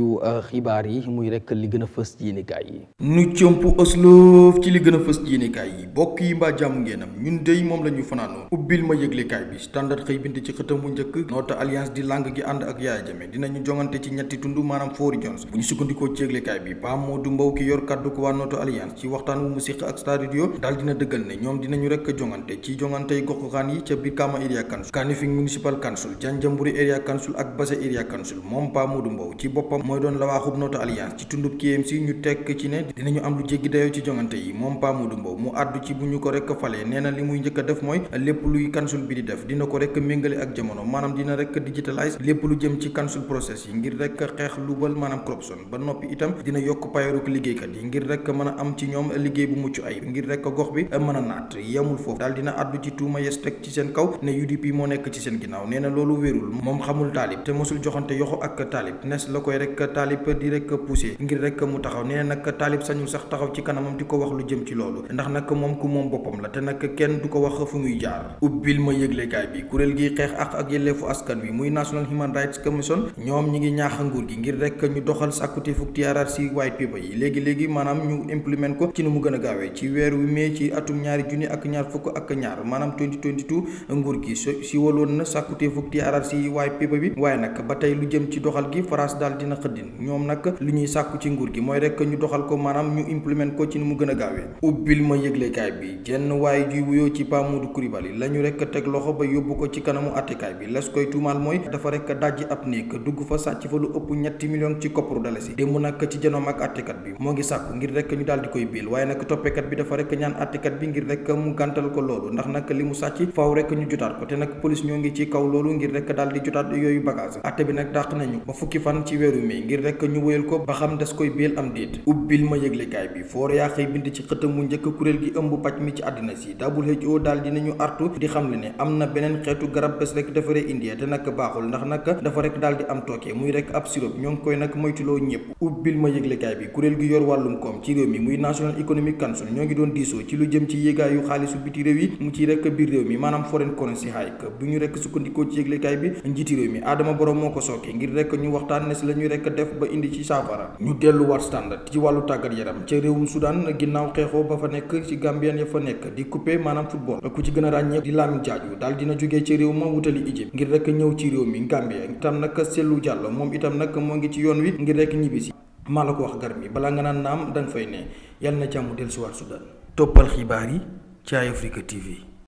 yu euh, xibaar yi muy rek li gën a fës ci yéenekaay yi nu cëmp ësloof ci li a fës ci yéenekaay yi bokk yi mbaa jàmm ngeenam ñun dey moom la fanaanoo ubbil ma yëglekaay bi standard xëy ci xëtam bu njëkk noota alliance di lang gi ànd ak Yaya Jammeh dinañu jongante ci ñetti tund maanaam foori Jones bu sukkandikoo ci yëglekaay bi Pape Modou Mbow ki yor kàddu waa noota alliance ci waxtaan wu mu ak Star Radio daal dina dëggal ne ñoom dinañu rek jongante ci jongantey goxuxaan yi ca biir mooy doon la waaxub Noto Alliance ci tundub KMC ñu tekk ci ne dinañu am lu jéggi dayoo ci jongante yi moom Pa Modou mu àddu ci bu ñu ko rek falee nee na li muy njëkk def mooy lépp luy kansul bi di def dina ko rek méngale ak jamono maanaam dina rek digitalise lépp lu jëm ci kansul process yi ngir rek xeex lubal maanaam corruption ba noppi itam dina yokk payoruk liggéeykat yi ngir rek mën a am ci ñoom liggéey bu mucc ay ngir rek gox bi mën a naat yemul foofu daal na àddu ci tuuma yes teg ci seen kaw ne UDP moo nekk ci seen ginnaaw nee na loolu wérul moom xamul taalib te joxante yoxo ak taalib rek rek taalib di rek poussé ngir rek mu taxaw nee na taalib sañul sax taxaw ci kanamam di ko wax lu jëm ci loolu ndax nag moom ku moom boppam la te nag kenn gi xeex gi ngir rek ñu doxal sàkkuteefu TRRC white paper yi léegi léegi maanaam ñu implement ko ci nu mu gën a gaawee ci weer fukk gi si waloon na sàkkuteefu TRRC white paper bi waaye nag ba tey lu jëm ci doxal gi France daal dina naqdin ñoom nag li ñuy sàkku ci nguur gi mooy rek ñu doxal ko maanaam ñu implément ko ci ni mu gën a gaawee ubbil ma yëglekaay bi jenn waaye juy wuyoo ci Pa Modou Coulibaly la ñu rek teg loxo ba yóbbu ko ci kanamu attekaay bi las koy tuumaal mooy dafa rek dajji ab néeg dugg fa sàcc fa lu ëpp ñetti million ci kopparu dalasi démb nag ci janoom ak attekat bi moo ngi sàkku ngir rek ñu daal di koy biil waaye nag toppekat bi dafa rek ñaan attekat bi ngir rek mu gàntal ko loolu ndax nag li mu sàcc faaw rek ñu jotaat ko te nag police ñoo ngi ci kaw loolu ngir rek daal di yooyu bi nag dàq nañu fukki fan ci weeru mi ngir rek ñu wéyal ko ba xam des koy béel am déet ubbil ma yëglekaay bi foor yaa xëy bind ci xëtam mu njëkk kuréel gi ëmb paj mi ci àddina si WHO daal dinañu artu di xam le ne am na beneen xeetu garab bés rek defaree India te nag baaxul ndax nag dafa rek daal di am tooke muy rek ab sirop ñoo ngi koy nag moytuloo ñëpp ubbil ma yëglekaay bi kuréel gi yor wàllum koom ci réew mi muy National Economic Council ñoo ngi doon diisoo ci lu jëm ci yéegaayu xaalisu biti réew yi mu ci rek biir réew mi maanaam foreign bi njiiti moo ko sooke ngir rek la njëkk def ba indi ci saafara ñu delluwaat standard ci wàllu tàggat yaram ca réewum Soudan ginnaaw xeexoo ba fa nekk ci Gambien ya fa nekk di coupé maanaam football ku ci gën a ràññee di Lamine Diadio daal dina jógee ci réew ma wutali Égypte ngir rek ñëw ci réew mi Gambia itam nag Cellou Diallo moom itam nag moo ngi ci yoon wi ngir rek ñibbisi maa la ko wax gar mi balaa nga naan naam danga fay ne yàlla na jàmm dellusiwaat Soudan toppal xibaar yi ci Eye